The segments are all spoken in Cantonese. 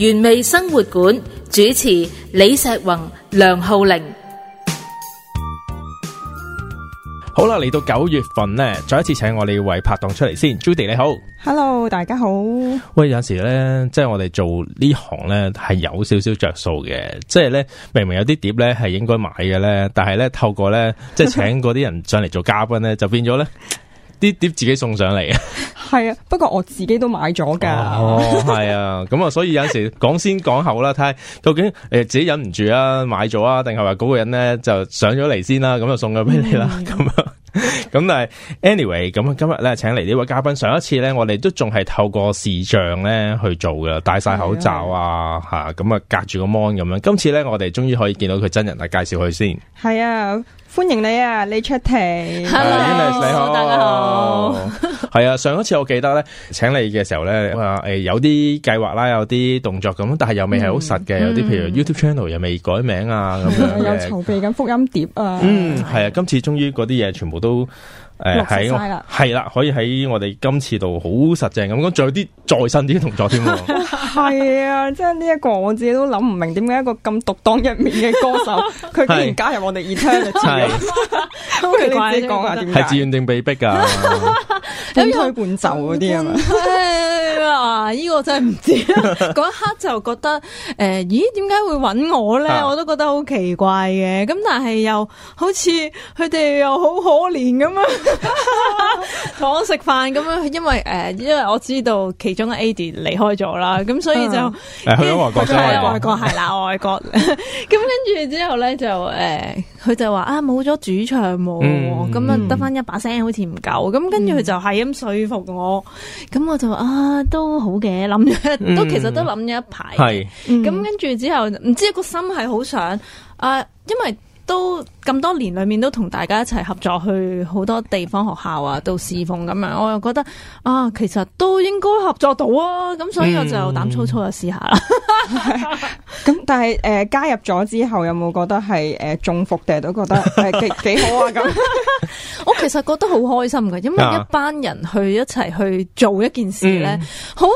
原味生活館主持李石宏、梁浩玲，好啦，嚟到九月份咧，再一次請我哋位拍檔出嚟先，Judy 你好，Hello，大家好。喂，有時咧，即係我哋做呢行咧，係有少少着數嘅，即係咧，明明有啲碟咧係應該買嘅咧，但係咧透過咧，即係請嗰啲人上嚟做嘉賓咧， 就變咗咧。啲碟自己送上嚟啊！係啊，不過我自己都買咗噶。哦，係、 哦、啊，咁啊，所以有陣時講先講後啦，睇下究竟誒自己忍唔住啊，買咗啊，定係話嗰個人咧就上咗嚟先啦，咁就送咗俾你啦，咁樣。 咁但係 anyway，咁今日咧請嚟呢位嘉賓，上一次咧我哋都仲係透過視像咧去做嘅，戴晒口罩啊，吓咁 啊，啊隔住個 mon 咁樣。今次咧我哋終於可以見到佢真人啊，介紹佢先。係啊。歡迎你啊，李卓庭，係 Hello, 你好，Hello，大家好。係 啊，上一次我記得咧，請你嘅時候咧，話、呃、誒有啲計劃啦，有啲動作咁，但係又未係好實嘅，嗯、有啲譬如 YouTube channel 又未改名啊，咁樣，有籌備緊福音碟啊， 嗯，係啊，今次終於嗰啲嘢全部都。誒，係咯、哎，係啦、啊，可以喺我哋今次度好實淨咁講，仲有啲再新啲動作添喎。係 啊，即係呢一個，我自己都諗唔明點解一個咁獨當一面嘅歌手，佢 竟然加入我哋 ETERNITY 嘅志願。好奇怪，係自願定被逼啊。 咁推伴奏嗰啲啊嘛，啊呢、 呢個真係唔知啦。嗰 一刻就覺得誒、呃，咦？點解會揾我咧？我都覺得好奇怪嘅。咁但係又好似佢哋又好可憐咁樣，同我食飯咁樣。因為誒、呃，因為我知道其中嘅 Adi 離開咗啦，咁、嗯嗯、所以就去咗外國。是外國係啦，外國。咁跟住之後咧就誒。呃佢就話啊冇咗主唱喎、哦，咁、嗯、樣得翻一把聲好似唔夠，咁跟住佢就係咁說服我，咁、嗯、我就話啊都好嘅，諗咗都其實都諗咗一排，咁跟住之後唔知個心係好想啊、呃，因為。都咁多年裏面都同大家一齊合作去好多地方學校啊，到侍奉咁樣，我又覺得啊，其實都應該合作到啊，咁、啊、所以我就膽粗粗嘅試下啦。咁、嗯、 但係誒、呃、加入咗之後，有冇覺得係誒、呃、中伏定都覺得誒、呃、幾幾好啊？咁 我其實覺得好開心嘅，因爲一班人去一齊去做一件事咧，嗯、好。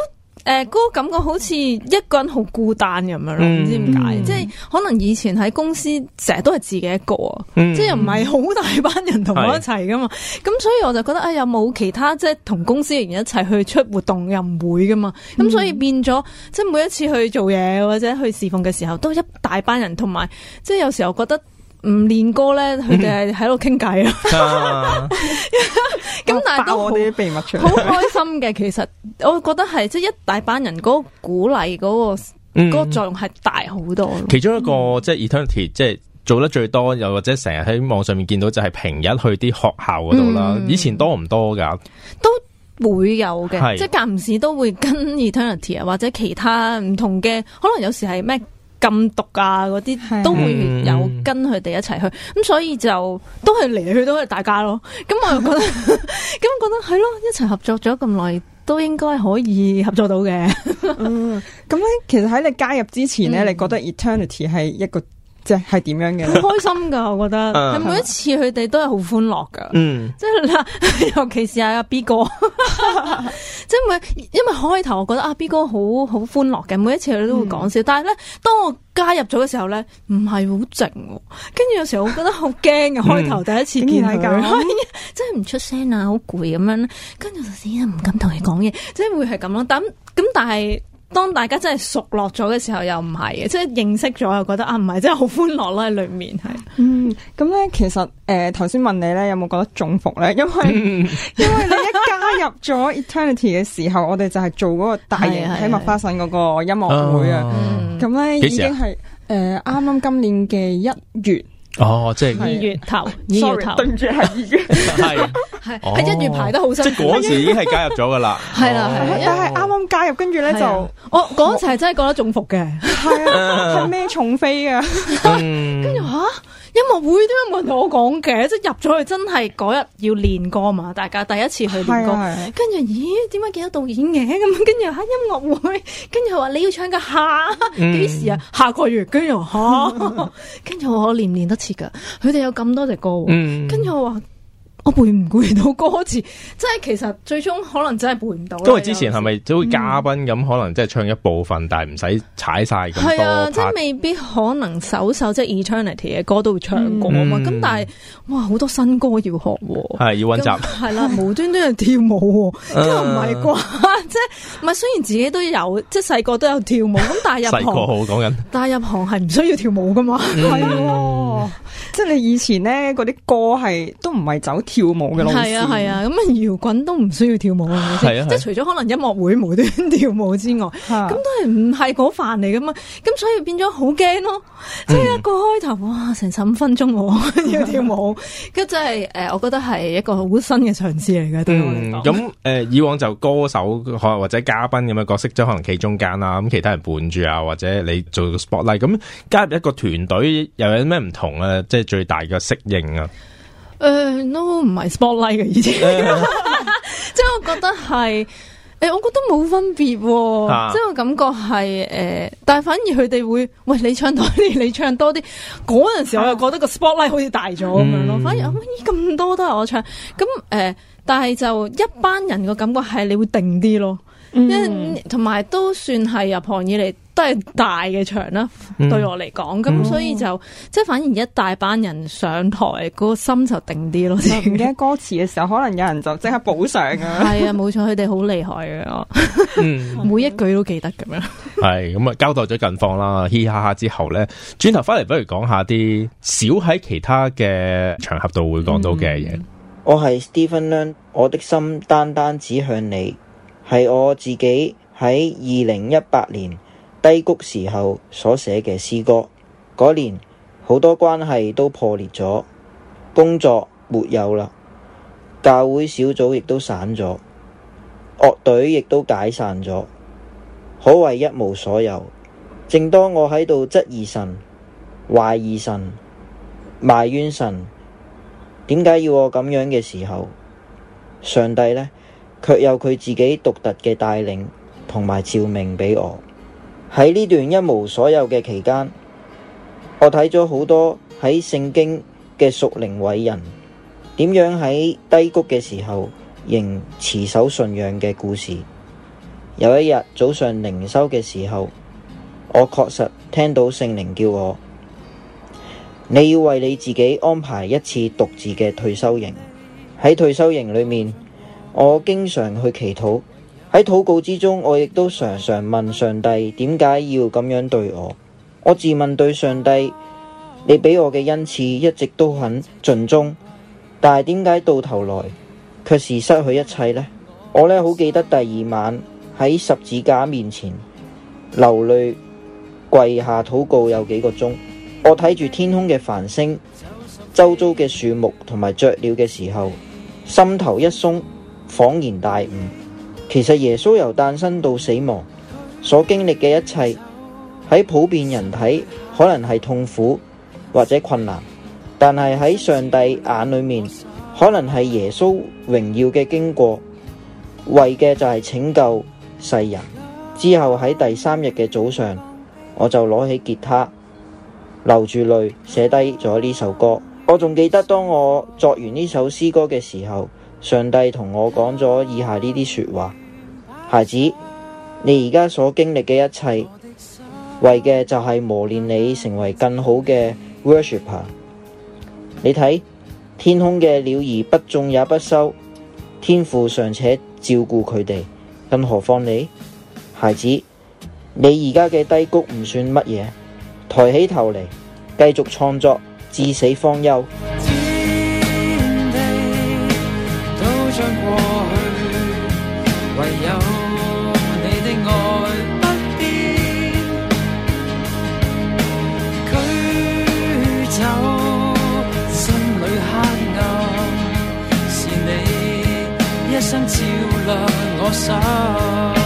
誒，呃，那個感覺好似一個人好孤單咁樣咯，唔、嗯、知點解，嗯、即係可能以前喺公司成日都係自己一個，嗯、即係又唔係好大班人同我一齊噶嘛，咁是所以我就覺得啊、哎，有冇其他即係同公司嘅人一齊去出活動又唔會噶嘛，咁、嗯、所以變咗即係每一次去做嘢或者去侍奉嘅時候，都一大班人同埋，即係有時候覺得。唔練歌咧，佢哋喺度傾偈咯。咁、嗯、 但係都好開心嘅，我我其實我覺得係即係一大班人嗰、那個鼓勵嗰個個作用係大好多。其中一個、就是 Eternity，嗯、即係 Eternity，即係做得最多又或者成日喺網上面見到就係、是、平日去啲學校嗰度啦。嗯、以前多唔多噶？都會有嘅，是即係間唔時都會跟 Eternity 啊或者其他唔同嘅，可能有時係咩？禁毒啊，嗰啲都會有跟佢哋一齊去，咁、嗯、所以就都係嚟嚟去去都係大家咯。咁我又覺得，咁我覺得係咯，一齊合作咗咁耐，都應該可以合作到嘅。咁咧，其實喺你加入之前咧，你覺得 Eternity 係一個？即係點樣嘅？好開心噶，我覺得，係、uh, 每一次佢哋都係好歡樂噶。嗯吧，即係、就是、尤其是阿阿 B 哥，即 係每因為開頭我覺得阿 B 哥好好歡樂嘅，每一次佢都會講笑。嗯、但係咧，當我加入咗嘅時候咧，唔係好靜。跟住有時候我覺得好驚啊，開頭、嗯、第一次見佢，樣 真係唔出聲啊，好攰咁樣。跟住就死啦，唔敢同佢講嘢，即係會係咁咯。但咁但係。當大家真係熟落咗嘅時候，又唔係嘅，即係認識咗又覺得啊，唔係真係好歡樂咯喺裏面係。嗯，咁咧其實誒，頭、呃、先問你咧有冇覺得中伏咧？因為、嗯、因為你一加入咗 Eternity 嘅時候， 我哋就係做嗰個大型喺麥花臣嗰個音樂會啊。咁咧的、嗯、已經係誒啱啱今年嘅一月。哦，即係二月頭，二月頭，對唔住係二月，係係喺一月排得好辛苦，即係嗰時已經係加入咗噶啦，係啦，係，但係啱啱加入，跟住咧就，我嗰時係真係覺得中伏嘅，係啊，係咩重飛啊，跟住吓。音樂會點解冇同我講嘅？即係入咗去真係嗰日要練歌嘛？大家第一次去練歌，跟住是是 咦？點解見到導演嘅？咁跟住喺音樂會，跟住佢話你要唱嘅，下幾時啊？嗯、下個月，跟住、啊、 我，跟住我練唔練得切噶。佢哋有咁多隻歌，跟住、嗯、我話。我背唔背到歌詞？即係其實最終可能真係背唔到。因為之前係咪都做嘉賓咁，可能即係唱一部分，但係唔使踩晒咁多。係啊，即係未必可能首首即係 Eternity 嘅歌都會唱過啊嘛。咁但係哇，好多新歌要學喎，係要温習。係啦，無端端又跳舞喎，真係唔係啩？即係唔係雖然自己都有即係細個都有跳舞咁，但係入行，但係入行係唔需要跳舞噶嘛？係咯，即係你以前咧嗰啲歌係都唔係走跳舞嘅咯，師係啊係啊，咁啊搖滾都唔需要跳舞啊，即係、啊、除咗可能音樂會無端跳舞之外，咁、啊、都係唔係嗰範嚟噶嘛？咁所以變咗好驚咯，即係、嗯、一個開頭哇，成十五分鐘要跳舞，跟住真係誒，我覺得係一個好新嘅嘗試嚟嘅。嗯，咁誒、嗯呃、以往就歌手或者，或者嘉賓咁嘅角色，即可能企中間啦，咁其他人伴住啊，或者你做 spotlight 咁加入一個團隊又有咩唔同啊？即、就、係、是、最大嘅適應啊？誒，都唔係、uh, no, Spotlight 嘅，已經，即係我覺得係，誒，我覺得冇分別、哦， 即係我感覺係，誒、呃，但係反而佢哋會，喂，你唱多啲，你唱多啲，嗰陣時我又覺得個 Spotlight 好似大咗咁樣咯，反而咁多都係我唱，咁誒、呃，但係就一班人嘅感覺係你會定啲咯。嗯、因同埋都算係入行以嚟都係大嘅場啦，嗯、對我嚟講，咁、嗯、所以就即係反而一大班人上台，個心就定啲咯。唔驚歌詞嘅時候， 可能有人就即刻補上啊。係啊，冇錯，佢哋好厲害嘅， 每一句都記得咁樣。係咁啊，交代咗近況啦，嘻哈哈之後咧，轉頭翻嚟，不如講下啲少喺其他嘅場合度會講到嘅嘢。嗯嗯、我係 Stephen，我的心單單，單單只向你。係我自己喺二零一八年低谷時候所寫嘅詩歌。嗰年好多關係都破裂咗，工作沒有啦，教會小組亦都散咗，樂隊亦都解散咗，可謂一無所有。正當我喺度質疑神、懷疑神、埋怨神，點解要我咁樣嘅時候，上帝呢，卻有佢自己獨特嘅帶領同埋照明畀我。喺呢段一無所有嘅期間，我睇咗好多喺聖經嘅屬靈偉人點樣喺低谷嘅時候仍持守信仰嘅故事。有一日早上靈修嘅時候，我確實聽到聖靈叫我：你要為你自己安排一次獨自嘅退休營。喺退休營裏面。我經常去祈禱。喺禱告之中，我亦都常常問上帝點解要咁樣對我。我自問對上帝你畀我嘅恩賜一直都很盡忠，但係點解到頭來卻是失去一切呢？我呢好記得第二晚喺十字架面前流淚跪下禱告，有幾個鐘。我睇住天空嘅繁星，周遭嘅樹木同埋雀鳥嘅時候，心頭一鬆。恍然大悟，其實耶穌由誕生到死亡所經歷嘅一切，喺普遍人睇可能係痛苦或者困難，但係喺上帝眼裏面可能係耶穌榮耀嘅經過，為嘅就係拯救世人。之後喺第三日嘅早上，我就攞起吉他，流住淚寫低咗呢首歌。我仲記得當我作完呢首詩歌嘅時候，上帝同我講咗以下呢啲說話，孩子，你而家所經歷嘅一切，為嘅就係磨練你成為更好嘅 worshipper。你睇天空嘅鳥兒不種也不收，天父尚且照顧佢哋，更何況你？孩子，你而家嘅低谷唔算乜嘢，抬起頭嚟，繼續創作，至死方休。唯有你的愛不變，驅走心裏黑暗，是你一生照亮我心。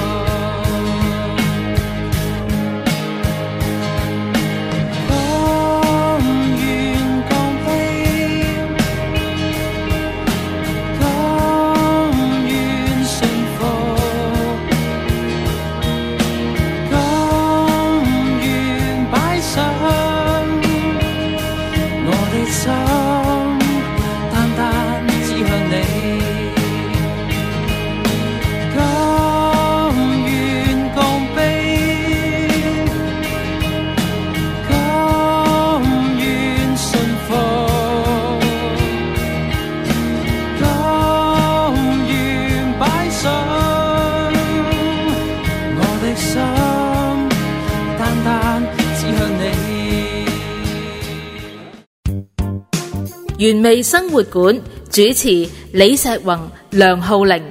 原味生活館主持李石宏、梁浩玲，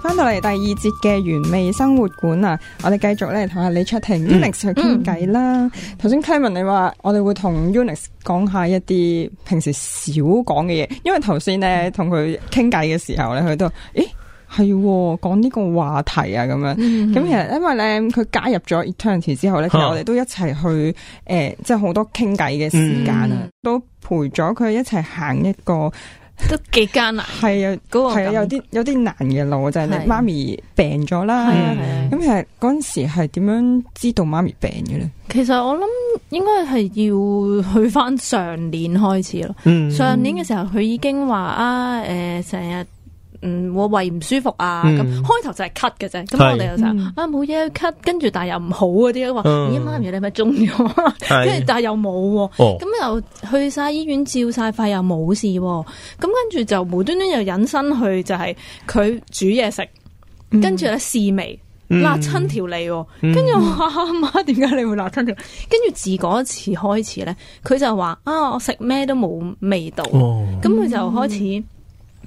翻到嚟第二節嘅原味生活館啊！我哋繼續咧同阿李卓庭、嗯、Unix 去傾偈啦。頭先 Kevin 你話我哋會同 Unix 講下一啲平時少講嘅嘢，因為頭先咧同佢傾偈嘅時候咧，佢都誒。係喎，講呢個話題啊，咁樣咁、嗯、其實因為咧，佢加入咗 Eternity 之後咧，啊、其實我哋都一齊去誒、呃，即係好多傾偈嘅時間啊，嗯、都陪咗佢一齊行一個都幾艱難。係啊，嗰個係啊，有啲有啲難嘅路就係、是、你媽咪病咗啦。啊，咁其實嗰陣時係點樣知道媽咪病嘅咧？其實我諗應該係要去返上年開始咯。嗯、上年嘅時候佢已經話啊，誒、呃、成日。嗯，我胃唔舒服啊，咁開頭就係咳嘅啫，咁我哋有時候冇嘢咳，跟住但係又唔好嗰啲，嗯、話嗎咦，媽咪你咪中咗？跟 住但係又冇，咁又去晒醫院照晒肺又冇事，咁跟住就無端端又引身去，就係佢煮嘢食，跟住咧試味，辣親條脷，跟住我話阿媽，點解你會辣親條脷？跟住自嗰次開始咧，佢就話啊，我食咩都冇味道，咁佢、哦嗯、就開始。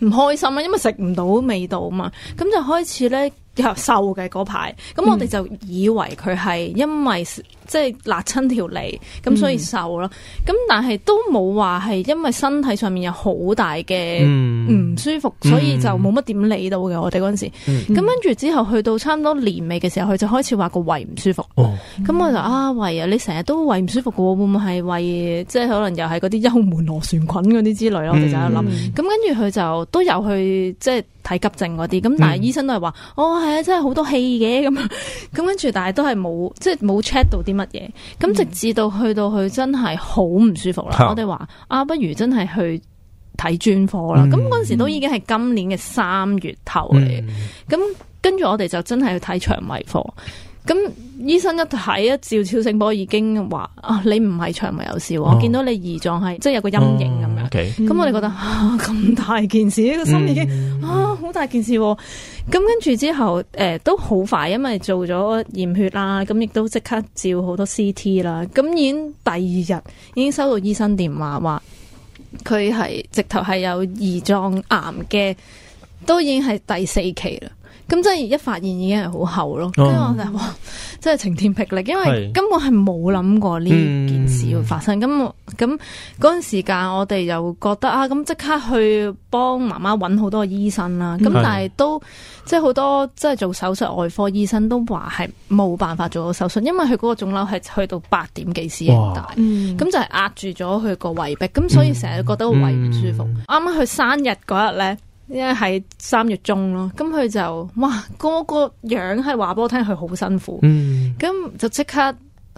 唔開心呀，因為食唔到味道啊嘛，咁就開始咧又瘦嘅嗰排，咁、嗯、我哋就以為佢係因為。即係辣親條脷，咁所以瘦咯。咁但係都冇話係因為身體上面有好大嘅唔舒服，所以就冇乜點理到嘅。我哋嗰陣時，咁跟住之後去到差唔多年尾嘅時候，佢就開始話個胃唔舒服。咁我就啊喂啊，你成日都胃唔舒服嘅喎，會唔會係胃即係可能又係嗰啲幽門螺旋菌嗰啲之類咯？我哋就喺度諗。咁跟住佢就都有去即係睇急症嗰啲。咁但係醫生都係話：哦係啊，真係好多氣嘅咁。咁跟住，但係都係冇即係冇 check 到點乜嘢？咁、嗯、直至到去到佢真係好唔舒服啦！嗯、我哋話啊，不如真係去睇專科啦。咁嗰陣時都已經係今年嘅三月頭嚟。咁跟住我哋就真係去睇腸胃科。咁醫生一睇一照超聲波，已經話啊，你唔係腸胃有事喎，哦、我見到你胰臟係即係有個陰影咁樣。咁我哋覺得啊，咁大件事，呢個心已經啊，好大件事喎。咁跟住之後，誒、呃、都好快，因為做咗驗血啦，咁亦都即刻照好多 CT 啦。咁已經第二日，已經收到醫生電話，話佢係直頭係有胰臟癌嘅，都已經係第四期啦。咁即係一發現已經係好厚咯，跟住、哦、我就話，即係晴天霹靂，因為根本係冇諗過呢件事會發生。咁咁嗰陣時間，我哋又覺得啊，咁即刻去幫媽媽揾好多醫生啦。咁、嗯、但係都是即係好多，即係做手術外科醫生都話係冇辦法做到手術，因為佢嗰個腫瘤係去到八點幾 CM 大，咁、嗯、就係壓住咗佢個胃壁，咁所以成日覺得個胃唔舒服。啱啱佢生日嗰日咧，呢因為喺三月中咯，咁佢就哇哥、個個樣係話俾我聽，佢好辛苦，咁、嗯、就即刻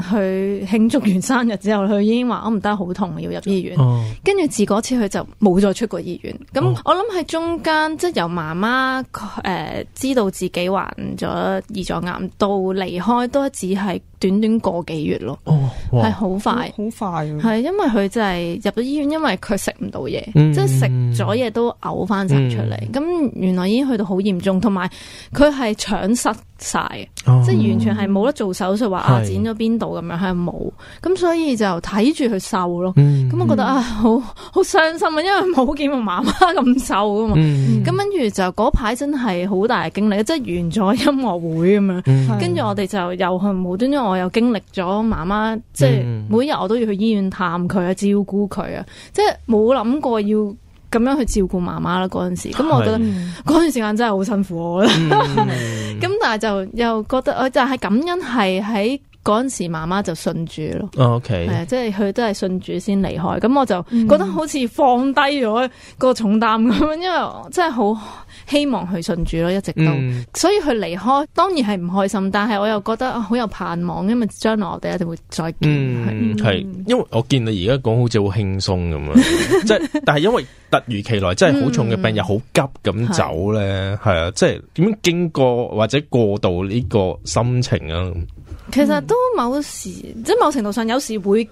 去慶祝完生日之後，佢已經話我唔得好痛，要入醫院。跟住、哦、自嗰次佢就冇再出過醫院。咁我諗喺中間，即、就、係、是、由媽媽誒、呃、知道自己患咗胰臟癌到離開，都只係。短短個幾月咯，係好快，好快，係因為佢真係入咗醫院，因為佢食唔到嘢，即係食咗嘢都嘔翻晒出嚟。咁原來已經去到好嚴重，同埋佢係腸塞晒，即係完全係冇得做手術話啊剪咗邊度咁樣，係冇。咁所以就睇住佢瘦咯。咁我覺得啊，好好傷心啊，因為冇見我媽媽咁瘦㗎嘛。咁跟住就嗰排真係好大嘅經歷，即係完咗音樂會咁樣，跟住我哋就又去冇端端我。我又經歷咗媽媽，即係每日我都要去醫院探佢啊，照顧佢啊，即係冇諗過要咁樣去照顧媽媽啦。嗰陣時，咁我覺得嗰的段時間真係好辛苦我啦。咁、嗯嗯嗯、 但係就又覺得，就係感恩係喺。嗰陣時媽媽就信主咯，係 Okay. 即係佢都係信主先離開，咁我就覺得好似放低咗個重擔咁，mm. 因為我真係好希望佢信主咯，一直都，mm. 所以佢離開當然係唔開心，但係我又覺得好、啊、有盼望，因為將來我哋一定會再見。嗯，係，因為我見你而家講好似好輕鬆咁啊，即係、 就是、但係因為突如其來，真係好重嘅病、mm. 又好急咁走咧，係啊，即係點樣經過或者過渡呢個心情啊？其實都某時，嗯、即某程度上，有時會。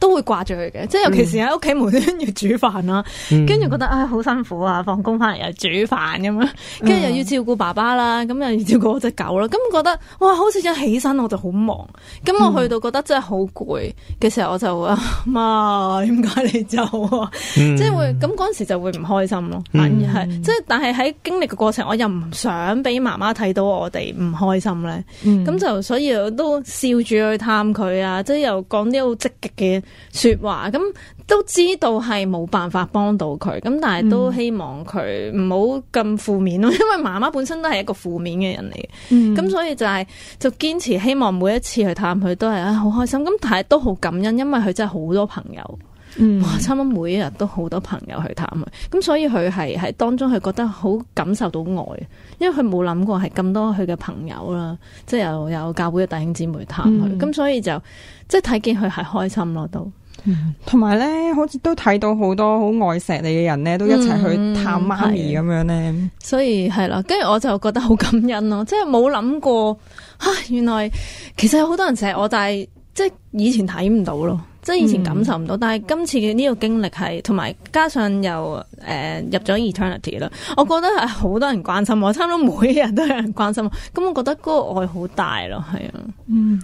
都會掛住佢嘅，即係尤其是喺屋企無端端要煮飯啦，跟住、嗯、覺得啊好、哎、辛苦啊，放工翻嚟又煮飯咁樣，跟住又要照顧爸爸啦，咁、嗯、又要照顧我隻狗啦，咁覺得哇好似一起身我就好忙，咁我去到覺得真係好攰嘅時候，我就啊媽，點解你走啊？嗯、即係會咁嗰陣時就會唔開心咯，反而係即係，嗯、但係喺經歷嘅過程，我又唔想俾媽媽睇到我哋唔開心咧，咁、嗯、就所以我都笑住去探佢啊，即係又講啲好積極嘅。說話咁都知道係冇辦法幫到佢咁，但係都希望佢唔好咁負面咯，因為媽媽本身都係一個負面嘅人嚟，咁、嗯、所以就係就堅持希望每一次去探佢都係啊好開心，咁但係都好感恩，因為佢真係好多朋友。嗯、差唔多每一日都好多朋友去探佢，咁所以佢係喺當中，佢覺得好感受到愛，因為佢冇諗過係咁多佢嘅朋友啦，即係又有教會嘅弟兄姊妹探佢，咁、嗯、所以就即係睇見佢係開心咯，都、嗯。同埋咧，好似都睇到好多好愛錫你嘅人咧，都一齊去探媽咪咁樣咧。所以係啦，跟住我就覺得好感恩咯，即係冇諗過，吓、啊、原來其實有好多人錫我，但係即係以前睇唔到咯。即係以前感受唔到，嗯、但係今次嘅呢個經歷係，同埋加上又誒、呃、入咗 Eternity 啦，我覺得係好多人關心我，我差唔多每日都有人關心我。咁我覺得嗰個愛好大咯，係啊，嗯，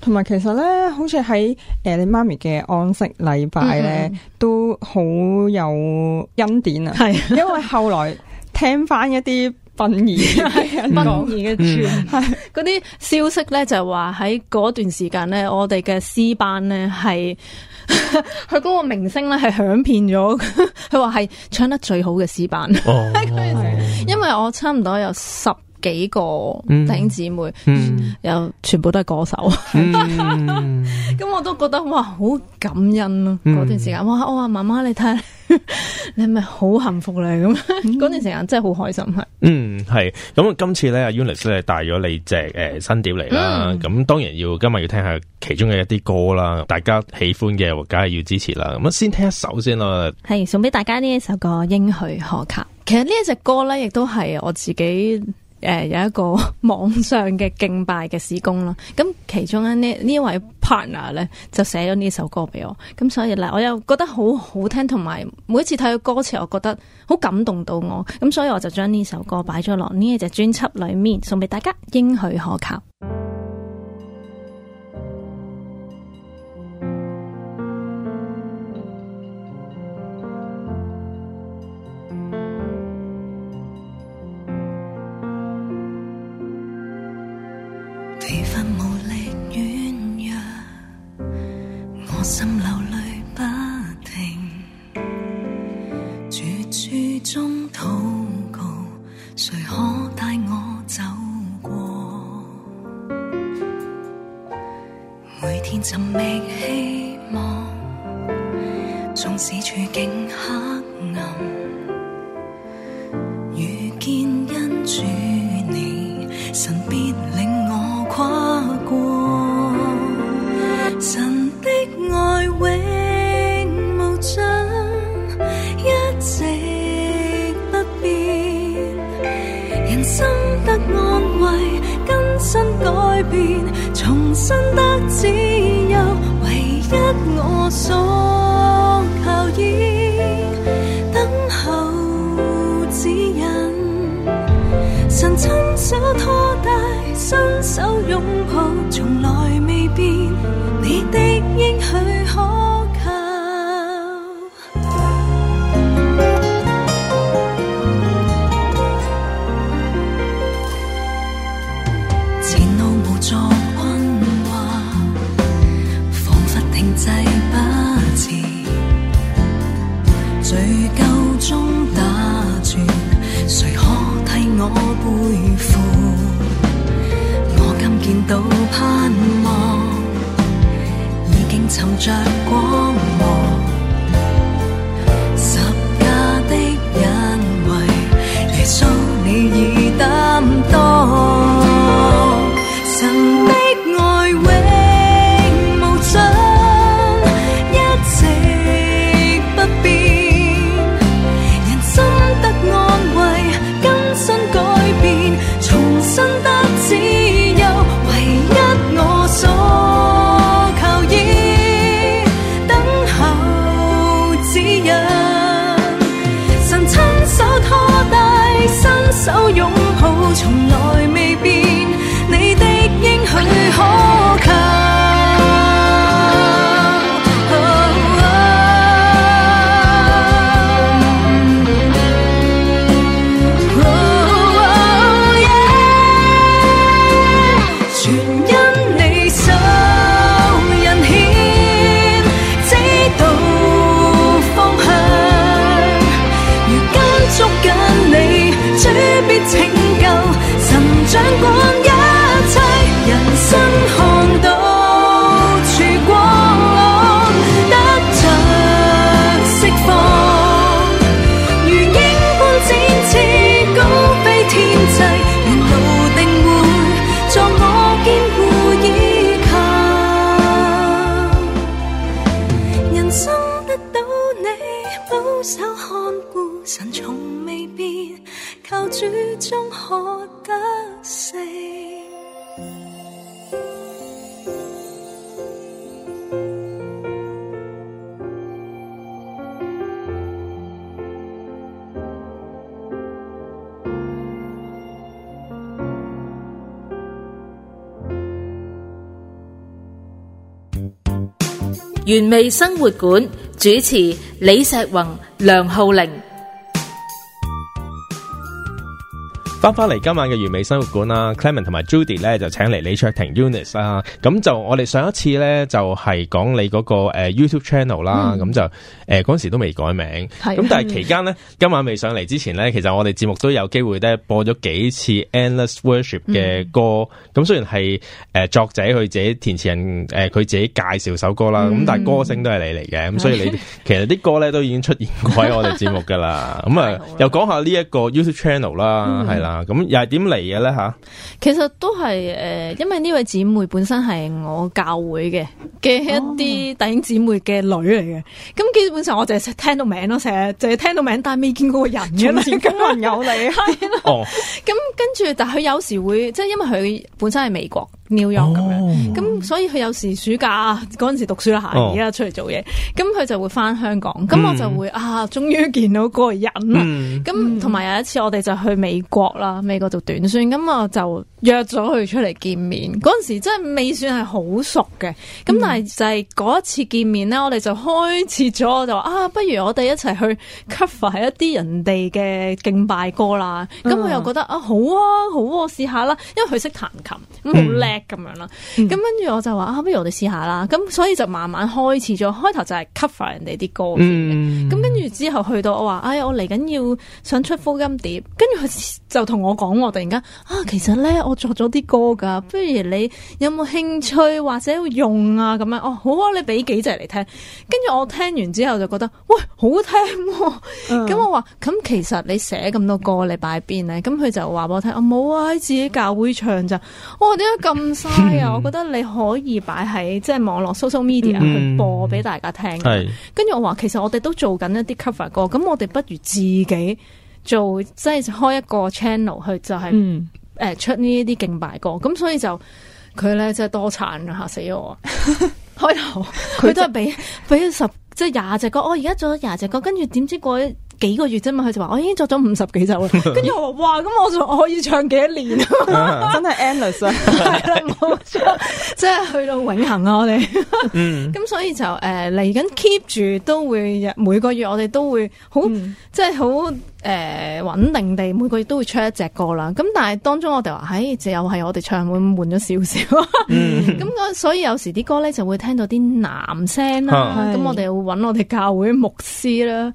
同埋其實咧，好似喺誒你媽咪嘅安息禮拜咧，嗯、都好有恩典啊，係，是的 因為後來聽翻一啲。殯儀，殯儀嘅傳，係嗰啲消息咧就話喺段時間咧，我哋嘅詩班咧係佢嗰個明星咧係響遍咗，佢話係唱得最好嘅詩班，哦， 他的因為我差唔多有十。幾個弟兄弟姊妹，又、嗯嗯、全部都係歌手，咁、嗯、 我都覺得哇，好感恩咯。嗰、嗯、段時間，我我話媽媽，你睇， 你係咪好幸福咧？咁 嗰、嗯、 段時間真係好開心，係嗯係咁。今次咧，阿 Eunice 咧帶咗你隻誒、呃、新碟嚟啦。咁、嗯、當然要今日要聽下其中嘅一啲歌啦，大家喜歡嘅梗係要支持啦。咁啊，先聽一首先咯，係送俾大家呢一首歌《應許可及》。其實呢一首歌咧，亦都係我自己。誒有一個網上嘅敬拜嘅事工啦。咁其中呢呢一位 partner 呢，就寫咗呢首歌俾我，咁所以咧我又覺得好好聽，同埋每一次睇佢歌詞，我覺得好感動到我，咁所以我就將呢首歌擺咗落呢隻專輯裡面，送俾大家應許可靠。原味生活館主持李錫宏、梁浩玲。翻翻嚟今晚嘅完美生活館啦，Clement 同埋 Judy 咧就請嚟李卓庭 Eunice 啦。咁就我哋上一次咧就係、是、講你、嗰個誒、呃、YouTube Channel 啦、嗯。咁就誒陣、呃、時都未改名。咁、嗯、但係期間咧，今晚未上嚟之前咧，其實我哋節目都有機會咧播咗幾次 Endless Worship 嘅歌。咁、嗯、雖然係誒、呃、作者佢自己填詞人誒佢、呃、自己介紹首歌啦，咁、嗯、但係歌星都係你嚟嘅。咁、嗯、所以你 其實啲歌咧都已經出現過喺我哋節目噶啦。咁啊、 嗯呃、又講下呢一個 YouTube Channel 啦、嗯，係啦、嗯。啊，咁又係點嚟嘅咧吓？啊、其實都係誒、呃，因為呢位姐妹本身係我教會嘅嘅、哦、一啲弟兄姊妹嘅女嚟嘅，咁基本上我淨係聽到名咯，成日淨係聽到名，但係未見過個人嘅，前公嚟係咯。咁跟住，但係佢有時會，即係因為佢本身係美國。紐約咁樣，咁所以佢有時暑假啊嗰陣時讀書啦，而家出嚟做嘢，咁佢、oh. 就會翻香港，咁我就會、mm. 啊，終於見到個人啦，咁同埋有一次我哋就去美國啦，美國讀短線，咁我就。約咗佢出嚟見面，嗰陣時真係未算係好熟嘅，咁但係就係嗰一次見面咧，嗯、我哋就開始咗就話啊，不如我哋一齊去 cover 一啲人哋嘅敬拜歌啦。咁我、嗯、又覺得啊好啊好啊，我試下啦，因為佢識彈琴咁好叻咁樣啦。咁跟住我就話啊，不如我哋試下啦。咁所以就慢慢開始咗，開頭就係 cover 人哋啲歌嘅。咁跟住之後去到我話，哎，我嚟緊要想出福音碟，跟住佢就同我講，我突然間啊，其實咧。我作咗啲歌噶，不如你有冇興趣或者用啊咁樣？哦，好啊，你俾幾隻嚟聽？跟住我聽完之後就覺得，喂，好聽，哦！咁、uh, 我話，咁其實你寫咁多歌，你擺邊咧？咁佢就話俾我聽，我、哦、冇啊，喺自己教會唱咋。哇，點解咁嘥啊？ 我覺得你可以擺喺即係網絡 social media、 嗯、去播俾大家聽。跟住是我話，其實我哋都做緊一啲 cover 歌，咁我哋不如自己做，即係開一個 channel 去，就係、是。 誒出呢一啲勁爆歌，咁所以就佢咧真係多慘啊，嚇死我！ 開頭始佢他 都係俾俾十即係廿隻歌，我而家做咗廿隻歌，跟住點知過幾個月啫嘛，佢就話：我已經作咗五十幾首啦。跟住我話：哇，咁我仲可以唱幾多年啊？真係 endless 啊！即係去到永恒啊！我哋，咁所以就誒嚟緊 keep 住都會，每個月我哋都會好即係好誒穩定地，每個月都會出一隻歌啦。咁但係當中我哋話：唉，就又係我哋唱會悶咗少少。咁所以有時啲歌咧就會聽到啲男聲啦。咁我哋會揾我哋教會牧師啦。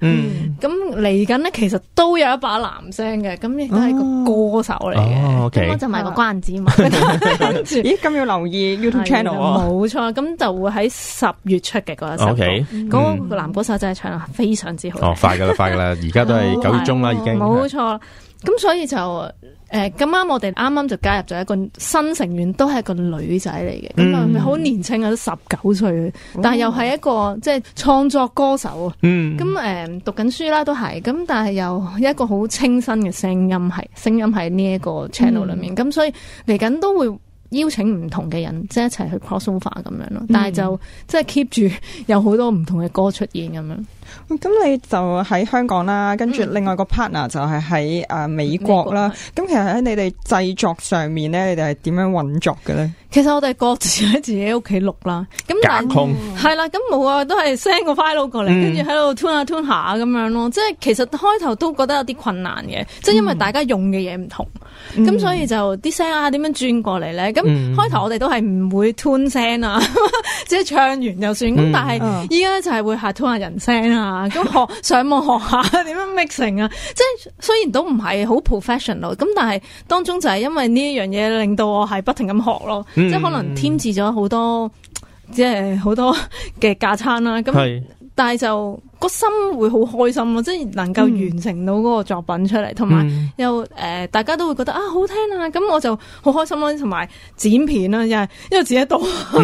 咁嚟緊咧，其實都有一把男聲嘅，咁亦都係個歌手嚟嘅，咁、oh, okay. 就賣個關子嘛。 咦，咁要留意 YouTube channel 冇、啊、錯，咁就會喺十月出嘅嗰首歌。咁個，Okay. 個男歌手真係唱得非常之好。哦，快噶啦，快噶啦，而家都係九月中啦，已經冇錯。咁所以就誒咁啱，呃、我哋啱啱就加入咗一個新成員，都係一個女仔嚟嘅，咁啊好年青啊，都十九歲，哦、但係又係一個即係創作歌手，咁誒、嗯嗯、讀緊書啦，都係，咁但係又一個好清新嘅聲音，係聲音喺呢一個 channel 裏面，咁、嗯、所以嚟緊都會邀請唔同嘅人即係一齊去 consul 法咁樣咯，但係就、嗯、即係 keep 住有好多唔同嘅歌出現咁樣。咁、哦、你就喺香港啦，跟住另外個 partner 就係喺誒美國啦。咁國其實喺你哋製作上面咧，你哋係點樣運作嘅咧？其實我哋各自喺自己屋企錄啦。咁架控係啦，咁冇啊，都係 send 個 file 過嚟，跟住喺度 tune 下 tune 下咁樣咯。即係其實開頭都覺得有啲困難嘅，即係因為大家用嘅嘢唔同，咁、嗯、所以就啲聲啊點樣轉過嚟咧？咁開頭我哋都係唔會 tune u 聲啊，啊 即係唱完就算。咁、嗯、但係依家就係會下 tune 下人聲啊。啊！咁 學上網學下點樣 mixing 啊，即係雖然都唔係好 professional，咁但係當中就係因為呢一樣嘢令到我係不停咁學咯，嗯、即係可能添置咗好多，即係好多嘅架撐啦。咁是但係就。個心會好開心咯，即係能夠完成到嗰個作品出嚟，同埋又誒，大家都會覺得啊好聽啊，咁我就好開心咯，同埋剪片啦、啊，因為因為剪得多熟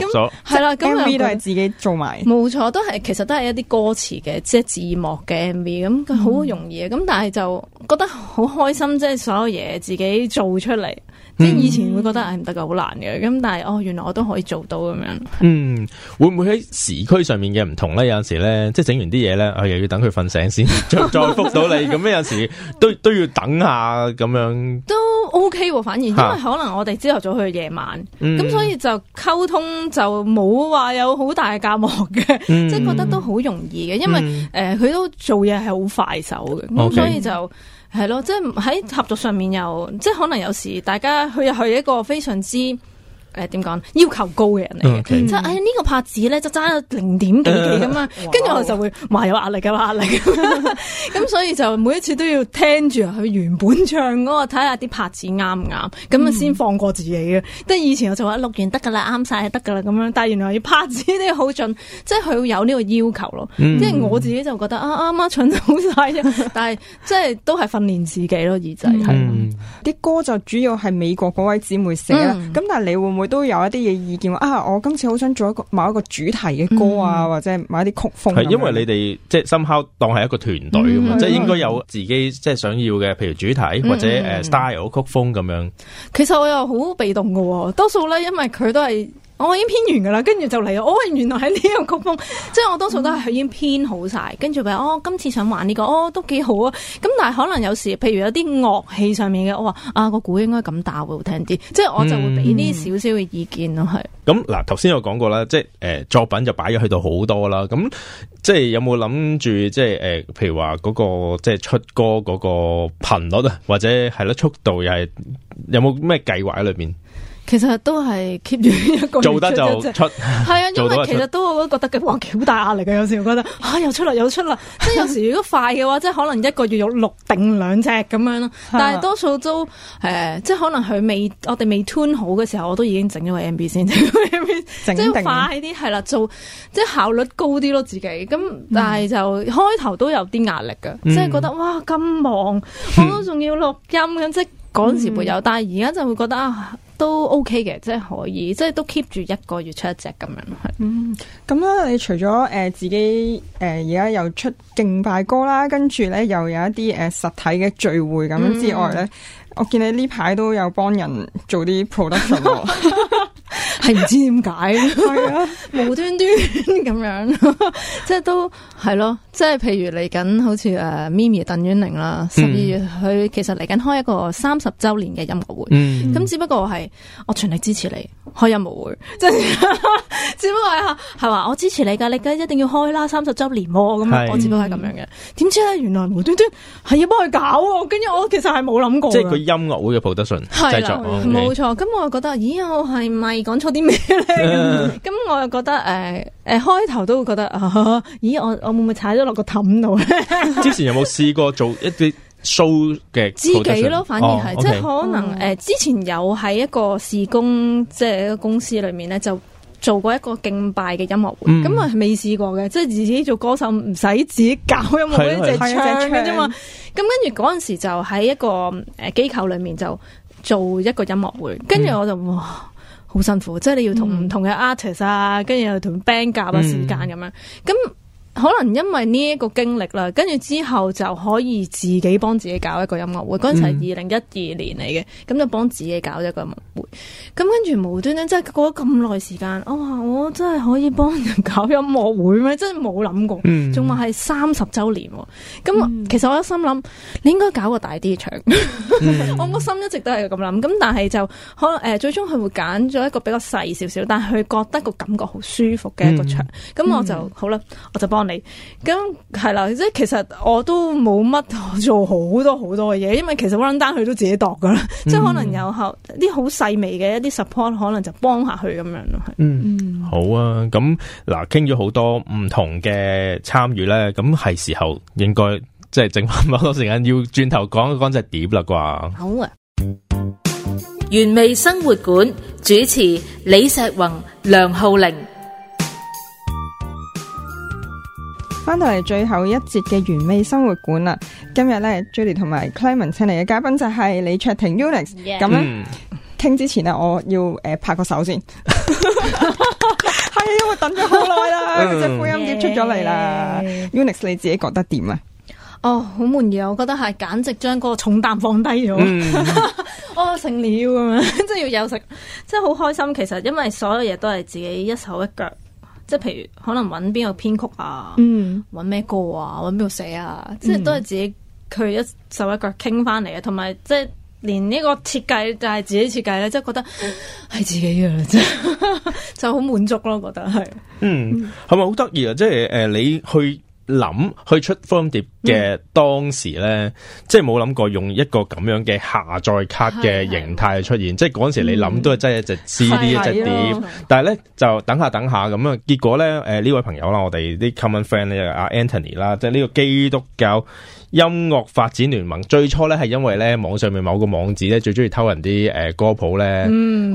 咗，係啦，M V 都係自己做埋，冇錯、嗯，都係其實都係一啲歌詞嘅即係字幕嘅 M V，咁好容易啊，咁、嗯、但係就覺得好開心，即係所有嘢自己做出嚟，即係、嗯嗯、以前會覺得誒唔得噶，好難嘅，咁但係哦，原來我都可以做到咁樣，嗯，會唔會喺時區上面嘅唔同咧？有陣時咧。即係整完啲嘢咧，我又要等佢瞓醒先，再再復到你。咁 樣有時都都要等下咁樣，都 OK、啊。反而哈因為可能我哋朝頭早去夜晚，咁、嗯、所以就溝通就冇話有好大嘅隔膜嘅，嗯、即係覺得都好容易嘅。因為誒，佢、嗯呃、都做嘢係好快手嘅，咁、嗯、所以就係咯，即係喺合作上面又即係可能有時大家去又係一個非常之。誒，點講？要求高嘅人嚟嘅，即係誒呢個拍子咧，就差咗零點幾幾咁啊，跟、哦、住我就會話有壓力嘅，壓力。咁 所以就每一次都要聽住佢原本唱嗰個，睇下啲拍子啱唔啱，咁啊先放過自己嘅。即係以前我就話錄完得噶啦，啱晒得噶啦咁樣，但係原來要拍子都好盡，嗯、即係佢有呢個要求咯。即係我自己就覺得啊啱啱、啊、唱好晒，但係即係都係訓練自己咯，耳仔係。啲歌就主要係美國嗰位姊妹寫啊，咁但係你會唔會？都有一啲嘢意見話啊，我今次好想做一個某一個主題嘅歌啊，嗯、或者買啲曲風，係因為你哋即係 somehow 當係一個團隊咁啊，嗯、即係應該有自己即係想要嘅，譬如主題或者誒 style 曲風咁樣。嗯嗯嗯、其實我又好被動嘅，多數咧因為佢都係。我、哦、已經編完噶啦，跟住就嚟哦，原來喺呢個曲風，即係我多數都係已經編好晒，跟住佢哦今次想玩呢、這個哦都幾好啊！咁但係可能有時，譬如有啲樂器上面嘅，我話啊、那個鼓應該咁打會好聽啲，即係我就會俾啲少少嘅意見咯。係咁嗱，頭先有講過啦，即係誒、呃、作品就擺咗去到好多啦，咁即係有冇諗住即係誒、呃，譬如話嗰、那個即係出歌嗰個頻率呀或者係咯速度又係有冇咩計劃喺裏邊？其實都係 keep 住一個月得出一隻，係啊，因為其實都我都覺得嘅，哇，好大壓力嘅，有時覺得吓又出啦，又出啦，出 即係有時如果快嘅話，即係可能一個月有六定兩隻咁樣咯。但係多數都誒、呃，即係可能佢未我哋未 tune 好嘅時候，我都已經整咗 MV 先，先 即係快啲係 啦，做即係效率高啲咯，自己咁，但係就開頭、嗯、都有啲壓力嘅，嗯、即係覺得哇咁忙，我都仲要錄音咁，嗯、即係陣時會有，但係而家就會覺得啊。都 OK 嘅，即係可以，即係都 keep 住一個月出一隻咁樣，係。嗯，咁咧，你除咗誒自己誒而家又出勁派歌啦，跟住咧又有一啲誒實體嘅聚會咁樣之外咧，嗯、我見你呢排都有幫人做啲 production。 係唔 知點解？係啊，無端端咁樣， 即係都係咯，即係譬如嚟緊好似誒、uh, Mimi 鄧婉玲啦，十二月佢其實嚟緊開一個三十周年嘅音樂會，咁、嗯、只不過係我全力支持你開音樂會，即係 只不過係係話我支持你噶，你梗一定要開啦，三十周年喎，咁啊，我只不過係咁樣嘅。點知咧，原來無端端係要幫佢搞，跟住我其實係冇諗過。即係佢音樂會嘅 production 製作，冇錯。咁 Okay 我又覺得，咦，我係咪講錯？啲咁我又覺得誒誒開頭都會覺得，咦？我我會唔會踩咗落個氹度咧？之前有冇試過做一啲 show 嘅自己咯，反而係即係可能誒，之前有喺一個事工，即係一個公司裏面咧，就做過一個敬拜嘅音樂會，咁啊未試過嘅，即係自己做歌手唔使自己搞音樂，一只唱啫嘛。咁跟住嗰陣時就喺一個誒機構裏面就做一個音樂會，跟住我就。好辛苦，即係你要同唔同嘅 artist 啊，嗯、跟住又同 band 夾啊時間咁、嗯、樣咁。可能因為呢一個經歷啦，跟住之後就可以自己幫自己搞一個音樂會，陣時係二零一二年嚟嘅，咁就幫自己搞一個音樂會，咁跟住無端端即係過咗咁耐時間，哦，我真係可以幫人搞音樂會咩？真係冇諗過，仲話係三十周年。咁其實我有心諗，你應該搞個大啲嘅場。 我個心一直都係咁諗，咁但係就可能誒最終佢會揀咗一個比較細少少，但係佢覺得個感覺好舒服嘅一個場，咁我就好啦，我就幫。嚟咁係啦，即係其實我都冇乜做好多好多嘅嘢，因為其實 run down 佢都自己度噶啦，嗯、即係可能有後啲好細微嘅一啲 support，可能就幫下佢咁樣咯。嗯，嗯、好啊，咁嗱，傾咗好多唔同嘅參與咧，咁係時候應該即係剩翻某多時間，要轉頭講一講隻碟啦啩。好啊， 原味生活館主持李石宏、梁浩玲。翻到嚟最後一節嘅原味生活館啦，今日咧 Judy 同埋 Clyman 請嚟嘅嘉賓就係李卓庭 Unix，咁咧傾之前咧我要誒、哎、拍個手先，係因為等咗好耐啦，隻福音碟出咗嚟啦。Unix 你自己覺得點啊？哦，好滿、oh, 意啊！我覺得係簡直將嗰個重擔放低咗，哦，成鳥咁樣，真係要休息，真係好開心。其實因為所有嘢都係自己一手一腳。即係譬如可能揾邊個編曲啊，揾咩、嗯、歌啊，揾邊度寫啊，嗯、即係都係自己佢一手一腳傾翻嚟啊，同埋即係連呢個設計就係自己設計咧，即係覺得係自己嘅，真就好滿足咯，覺得係，嗯，係咪好得意啊？即係誒，你去。諗去出 Form 碟嘅當時咧，嗯、即係冇諗過用一個咁樣嘅下載卡嘅形態出現。的即係嗰陣時你諗都係真係一隻 C D、嗯、一隻碟，的但係咧就等下等下咁啊！結果咧，誒、呃、呢位朋友啦，我哋啲 common friend 咧阿、啊、Anthony 啦，即係呢個基督教音樂發展聯盟最初咧係因為咧網上面某個網址咧最中意偷人啲誒歌譜咧，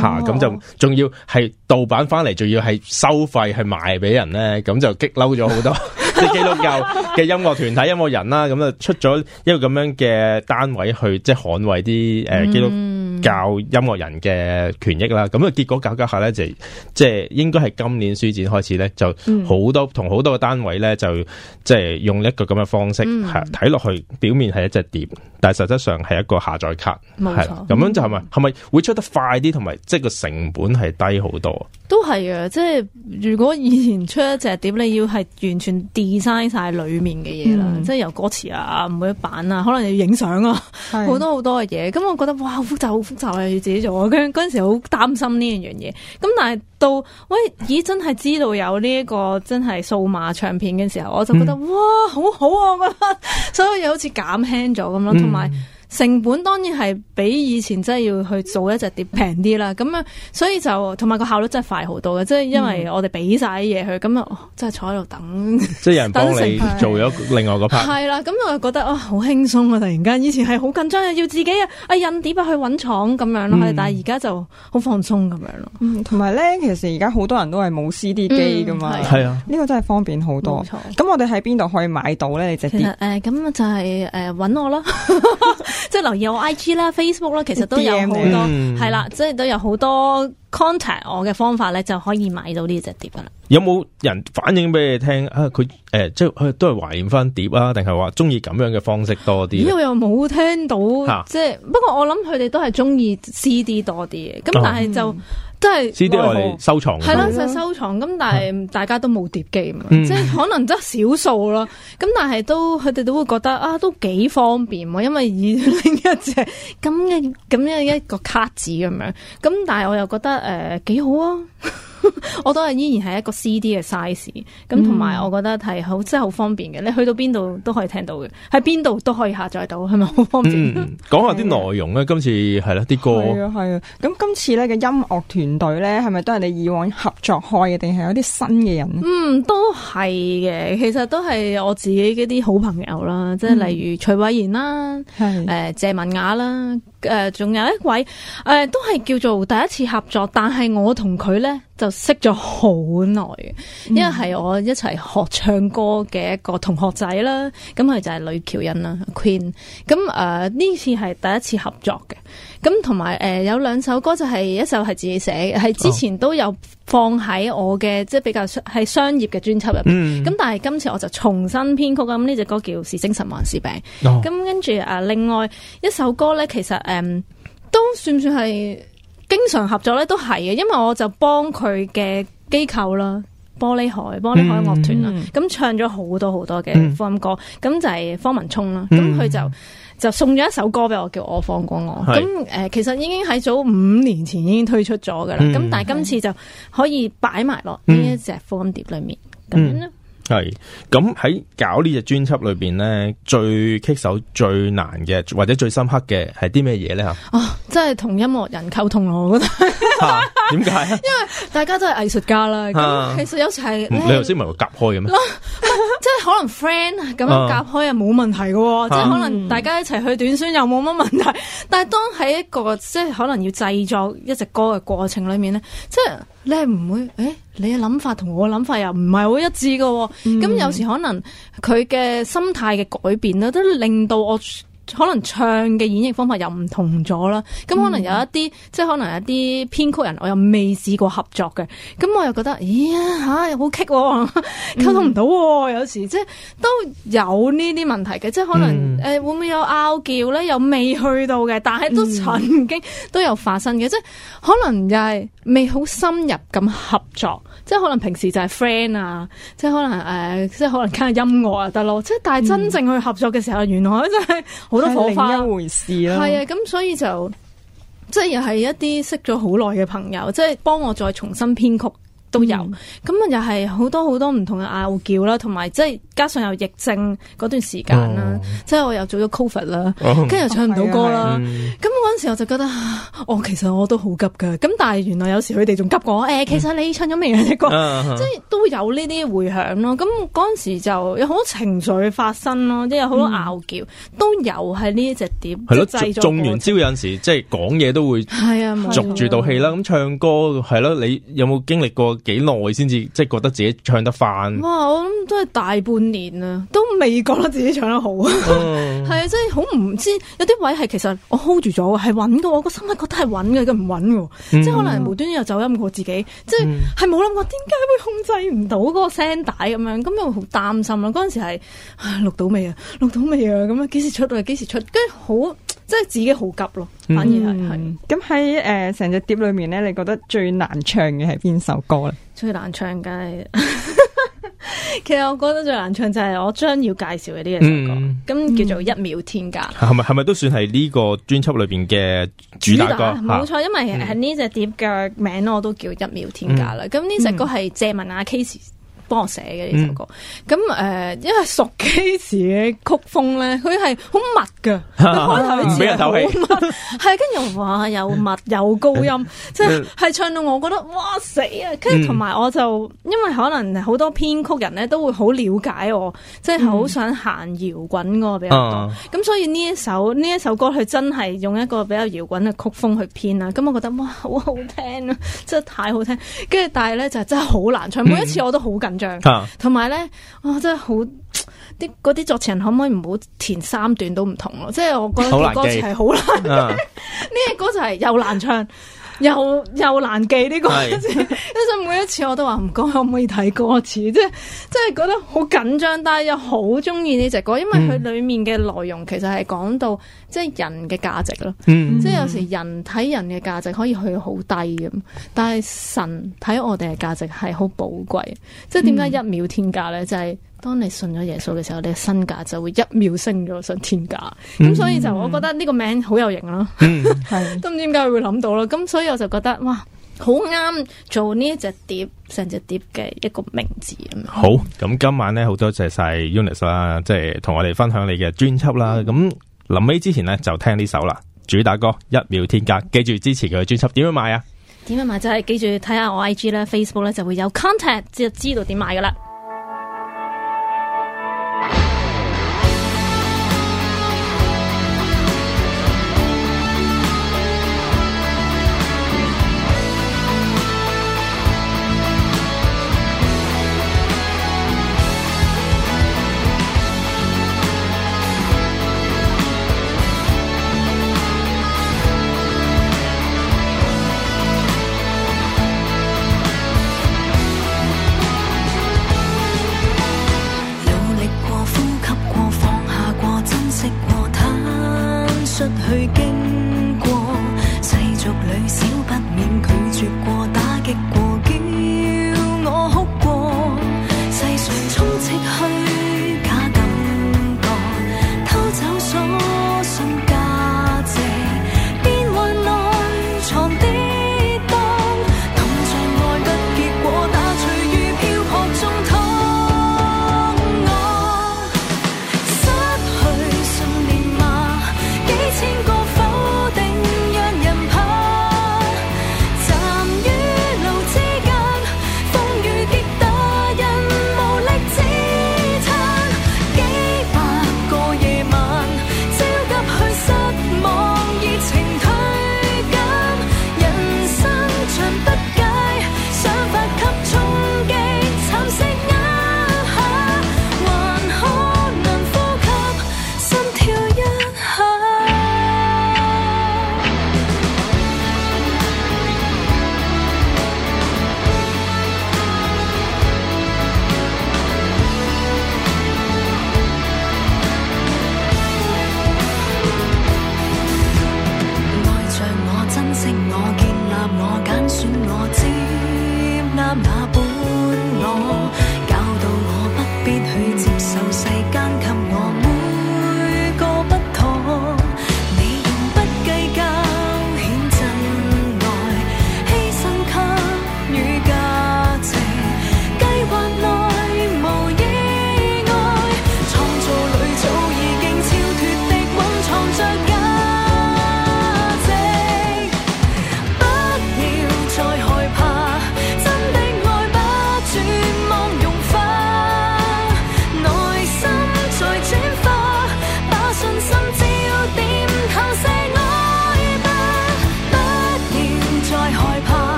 吓咁就仲要係盜版翻嚟，仲要係收費去賣俾人咧，咁就激嬲咗好多。 即基督教嘅音樂團體音樂人啦，咁啊出咗一個咁樣嘅單位去，即係捍衛啲誒基督教音樂人嘅權益啦。咁啊結果搞搞下咧，就即係應該係今年書展開始咧，就好多同好、嗯、多嘅單位咧，就即係用一個咁嘅方式係睇落去表面係一隻碟，但係實質上係一個下載卡，係咁錯樣就係咪係咪會出得快啲，同埋即係個成本係低好多？都係啊！即係如果以前出一隻碟，你要係完全 design 曬裡面嘅嘢啦，嗯、即係由歌詞啊、每一版啊，可能要影相啊，好是的 多好多嘅嘢。咁我覺得哇，好複雜好複雜啊！要自己做，咁嗰陣時好擔心呢樣嘢。咁但係到喂咦，真係知道有呢、這、一個真係數碼唱片嘅時候，我就覺得、嗯、哇，好好啊！我覺得所以又好似減輕咗咁咯，同埋，嗯成本當然係比以前真係要去做一隻碟平啲啦，咁啊，所以就同埋個效率真係快好多嘅，即係因為我哋俾晒啲嘢佢，咁啊，即、哦、係坐喺度等，即係有人幫你做咗另外嗰 part。係 啦，咁我就覺得啊、哦、好輕鬆啊，突然間以前係好緊張啊，要自己啊，啊印碟啊去揾廠咁樣咯、嗯，但係而家就好放鬆咁樣咯。同埋咧，其實而家好多人都係冇 C D 機噶嘛，係啊、嗯，呢的個真係方便好多。咁錯我哋喺邊度可以買到咧？你隻碟？誒，咁、呃呃、就係誒揾我咯。 即係留意我 IG 啦、Facebook 啦，其實都有好多係、嗯、啦，即係都有好多 contact 我嘅方法咧，就可以買到呢隻碟噶、啊欸、啦。有冇人反應俾你聽啊？佢誒即係佢都係懷念翻碟啊，定係話中意咁樣嘅方式多啲？因為我又冇聽到，哈即係不過我諗佢哋都係中意 CD 多啲嘅，咁但係就。啊嗯即係私底我哋收藏，係啦，就 收藏咁，但係大家都冇碟機嘛， 即係可能得少數咯。咁但係都佢哋都會覺得啊，都幾方便，因為以 另一隻咁嘅咁樣一個卡紙咁樣。咁但係我又覺得誒、呃，幾好啊。 我都係依然係一個 C D 嘅 size，咁同埋我覺得係好真係好方便嘅，你去到邊度都可以聽到嘅，喺邊度都可以下載到，係咪好方便？講、嗯、下啲內容咧，啊、今次係啦，啲歌係啊，咁、啊啊、今次咧嘅音樂團隊咧，係咪都係你以往合作開嘅，定係有啲新嘅人咧？嗯，都係嘅，其實都係我自己嗰啲好朋友啦，即係例如徐偉賢啦，係誒是、呃、謝文雅啦。誒，仲、呃、有一位誒、呃，都係叫做第一次合作，但係我同佢呢就識咗好耐，因為係我一齊學唱歌嘅一個同學仔啦。咁佢就係呂喬欣啦，Queen。咁誒呢次係第一次合作嘅。咁同埋誒，有兩首歌就係、是、一首係自己寫嘅，係之前都有放喺我嘅、oh. 即係比較係商業嘅專輯入邊。咁、mm hmm. 但係今次我就重新編曲。咁呢隻歌叫《是精神還是病》。咁、oh. 跟住啊、呃，另外一首歌咧，其實誒、呃、都算唔算係經常合作咧？都係嘅，因為我就幫佢嘅機構啦，玻璃海玻璃海樂團啦，咁、mm hmm. 唱咗好多好多嘅福音歌。咁、mm hmm. 就係方文聰啦。咁佢、mm hmm. 就。就送咗一首歌俾我，叫我放過我。咁誒是、呃，其實已經喺早五年前已經推出咗噶啦。咁、嗯、但係今次就可以擺埋落呢一隻福音碟裏面咁、嗯、樣咯。係咁喺搞專輯面呢隻專輯裏邊咧，最棘手、最難嘅或者最深刻嘅係啲咩嘢咧？吓啊，真係同音樂人溝通咯，我覺得、啊。點解？ 因為大家都係藝術家啦。啊、其實有時係你頭先咪會夾開嘅咩？ 即係可能 friend 咁樣夾開又冇問題嘅、哦，啊、即係可能大家一齊去短宣又冇乜問題。但係當喺一個即係可能要製作一隻歌嘅過程裏面咧，即係你係唔會誒、欸，你嘅諗法同我嘅諗法又唔係好一致嘅、哦，咁、嗯、有時可能佢嘅心態嘅改變咧，都令到我。可能唱嘅演繹方法又唔同咗啦，咁可能有一啲、嗯、即係可能一啲編曲人我又未試過合作嘅，咁我又覺得，咦嚇又好棘，溝通唔到，有時即係都有呢啲問題嘅，即係可能誒、嗯、會唔會有拗撬咧？又未去到嘅，但係都曾、嗯、經都有發生嘅，即係可能又係未好深入咁合作，即係可能平時就係 friend 啊，即係可能誒、呃、即係可能傾下音樂啊得咯，即係但係真正去合作嘅時候，原來真係好、嗯。都火花另一回事啦。係啊，咁所以就即係又係一啲識咗好耐嘅朋友，即係幫我再重新編曲。都有，咁又係好多好多唔同嘅拗撬啦，同埋即係加上有疫症嗰段時間啦，即係我又做咗 cover 啦，跟住又唱唔到歌啦。咁嗰陣時我就覺得，哦，其實我都好急㗎。咁但係原來有時佢哋仲急過我，誒，其實你唱咗咩嘢歌？即係都有呢啲迴響咯。咁嗰陣時就有好多情緒發生咯，即係有好多拗撬，都有喺呢一隻碟製造。中完招有陣時，即係講嘢都會係啊，續住道氣啦。咁唱歌係咯，你有冇經歷過？幾耐先至即係覺得自己唱得翻？哇！我諗都係大半年啦，都未覺得自己唱得好。係啊、oh. 即係好唔知有啲位係其實我 hold 住咗，係穩嘅。我個心咧覺得係穩嘅，佢唔穩嘅，嗯、即係可能無端端又走音過自己。嗯、即係係冇諗過點解會控制唔到嗰個聲帶咁樣，咁又好擔心咯。嗰陣時係錄到未啊？錄到未啊？咁樣幾時出到？幾時出？跟住好。即係自己好急咯，反而係咁喺誒成隻碟裏面咧，你覺得最難唱嘅係邊首歌咧？最難唱梗係，其實我覺得最難唱就係我將要介紹嘅呢隻歌，咁、嗯、叫做一秒天價。係咪係咪都算係呢個專輯裏邊嘅主打歌？冇錯，錯啊、因為喺呢隻碟嘅名我都叫一秒天價啦。咁呢隻歌係借問阿 Case。幫我寫嘅呢首歌，咁誒、嗯嗯，因為熟基詞嘅曲風咧，佢係好密噶，一開頭俾人唞氣，係跟住話又,又密又高音， 即係唱到我覺得哇死啊！跟住同埋我就、嗯、因為可能好多編曲人咧都會好了解我，即係好想行搖滾嗰個比較多，咁、嗯、所以呢一首呢 一首歌佢真係用一個比較搖滾嘅曲風去編啊，咁我覺得哇好好聽啊，真係太好聽！跟住但係咧就真係好難唱，每一次我都好緊同埋咧，哇、哦！真係好啲嗰啲作詞人可唔可以唔好填三段都唔同咯？即係我覺得啲歌詞係好難，呢啲歌詞係又難唱。又又難記呢個，所以 每一次我都話唔該，可唔可以睇歌詞？即係即係覺得好緊張，但係又好中意呢隻歌，因為佢裏面嘅內容其實係講到即係人嘅價值咯。即係有時人睇人嘅價值可以去到好低咁，但係神睇我哋嘅價值係好寶貴。即係點解一秒天價呢？就係。當你信咗耶穌嘅時候，你嘅身價就會一秒升咗上天價，咁、嗯、所以就我覺得呢個名好有型啦，嗯、 都唔知點解會諗到啦，咁所以我就覺得哇，好啱做呢隻碟成隻碟嘅一個名字啊！好，咁今晚咧好多謝晒 Eunice 啦，即係同我哋分享你嘅專輯啦。咁臨尾之前呢，就聽呢首啦，主打歌一秒天價，記住支持佢嘅專輯，點樣買啊？點樣買就係記住睇下我 IG 咧、Facebook 咧就會有 contact，就知道點買噶啦。